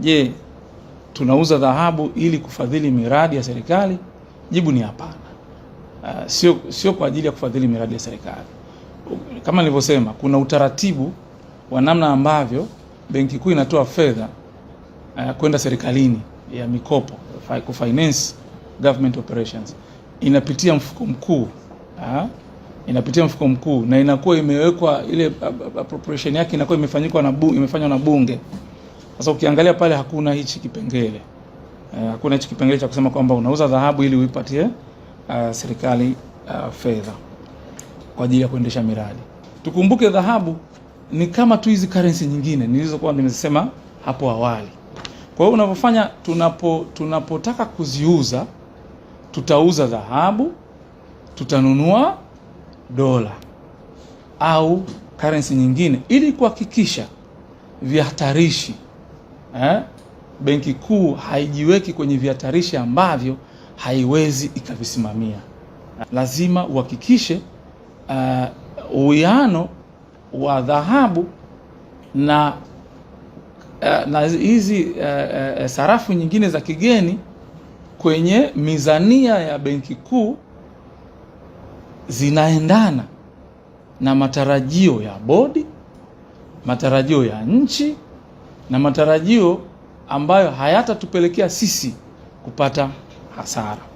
Je, tunauza dhahabu ili kufadhili miradi ya serikali? Jibu ni hapana. Uh, sio, sio kwa ajili ya kufadhili miradi ya serikali. Kama nilivyosema, kuna utaratibu wa namna ambavyo benki kuu inatoa fedha uh, kwenda serikalini ya mikopo kufinance government operations, inapitia mfuko mkuu uh, inapitia mfuko mkuu na inakuwa imewekwa ile appropriation yake inakuwa imefanyikwa na imefanywa na bunge. Sasa ukiangalia pale hakuna hichi kipengele eh, hakuna hichi kipengele cha kusema kwamba unauza dhahabu ili uipatie uh, serikali uh, fedha kwa ajili ya kuendesha miradi. Tukumbuke dhahabu ni kama tu hizi currency nyingine nilizokuwa nimesema hapo awali. Kwa hiyo unavyofanya, tunapo tunapotaka kuziuza, tutauza dhahabu, tutanunua dola au currency nyingine ili kuhakikisha vihatarishi eh, benki kuu haijiweki kwenye vihatarishi ambavyo haiwezi ikavisimamia. Lazima uhakikishe uh, uwiano uh, wa dhahabu na uh, na hizi uh, uh, sarafu nyingine za kigeni kwenye mizania ya benki kuu zinaendana na matarajio ya bodi, matarajio ya nchi na matarajio ambayo hayatatupelekea sisi kupata hasara.